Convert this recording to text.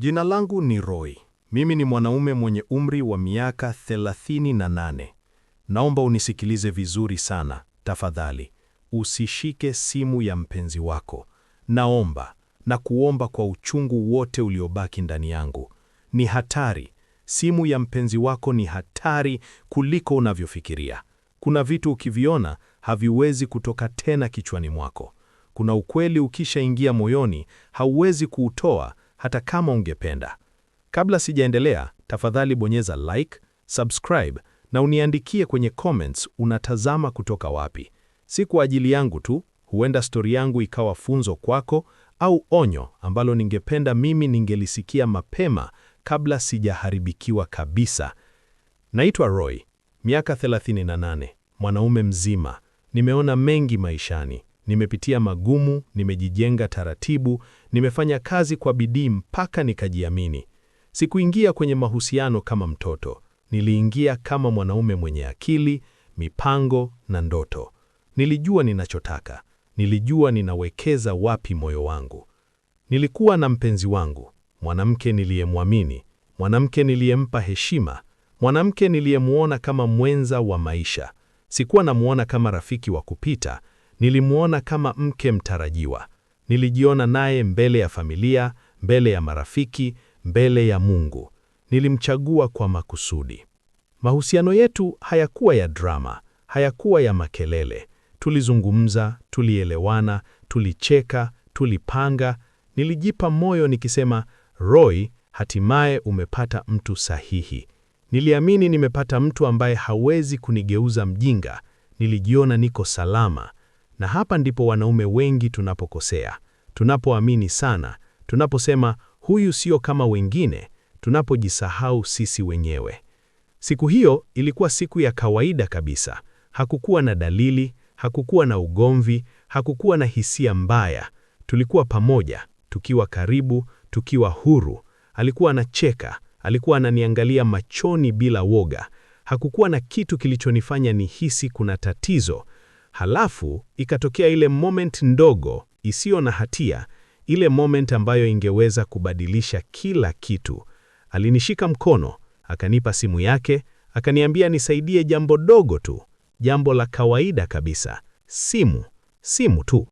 Jina langu ni Roy. Mimi ni mwanaume mwenye umri wa miaka 38. Naomba unisikilize vizuri sana, tafadhali. Usishike simu ya mpenzi wako. Naomba na kuomba kwa uchungu wote uliobaki ndani yangu. Ni hatari. Simu ya mpenzi wako ni hatari kuliko unavyofikiria. Kuna vitu ukiviona haviwezi kutoka tena kichwani mwako. Kuna ukweli ukishaingia moyoni hauwezi kuutoa hata kama ungependa. Kabla sijaendelea, tafadhali bonyeza like, subscribe na uniandikie kwenye comments unatazama kutoka wapi. Si kwa ajili yangu tu, huenda stori yangu ikawa funzo kwako au onyo ambalo ningependa mimi ningelisikia mapema kabla sijaharibikiwa kabisa. Naitwa Roy, miaka 38, mwanaume mzima. Nimeona mengi maishani nimepitia magumu, nimejijenga taratibu, nimefanya kazi kwa bidii mpaka nikajiamini. Sikuingia kwenye mahusiano kama mtoto, niliingia kama mwanaume mwenye akili, mipango na ndoto. Nilijua ninachotaka, nilijua ninawekeza wapi moyo wangu. Nilikuwa na mpenzi wangu, mwanamke niliyemwamini, mwanamke niliyempa heshima, mwanamke niliyemwona kama mwenza wa maisha. Sikuwa namwona kama rafiki wa kupita, Nilimwona kama mke mtarajiwa. Nilijiona naye mbele ya familia, mbele ya marafiki, mbele ya Mungu. Nilimchagua kwa makusudi. Mahusiano yetu hayakuwa ya drama, hayakuwa ya makelele. Tulizungumza, tulielewana, tulicheka, tulipanga. Nilijipa moyo nikisema, Roy, hatimaye umepata mtu sahihi. Niliamini nimepata mtu ambaye hawezi kunigeuza mjinga. Nilijiona niko salama. Na hapa ndipo wanaume wengi tunapokosea, tunapoamini sana, tunaposema huyu sio kama wengine, tunapojisahau sisi wenyewe. Siku hiyo ilikuwa siku ya kawaida kabisa. Hakukuwa na dalili, hakukuwa na ugomvi, hakukuwa na hisia mbaya. Tulikuwa pamoja, tukiwa karibu, tukiwa huru. Alikuwa anacheka, alikuwa ananiangalia machoni bila woga. Hakukuwa na kitu kilichonifanya nihisi kuna tatizo. Halafu ikatokea ile moment ndogo isiyo na hatia, ile moment ambayo ingeweza kubadilisha kila kitu. Alinishika mkono, akanipa simu yake, akaniambia nisaidie jambo dogo tu, jambo la kawaida kabisa, simu, simu tu.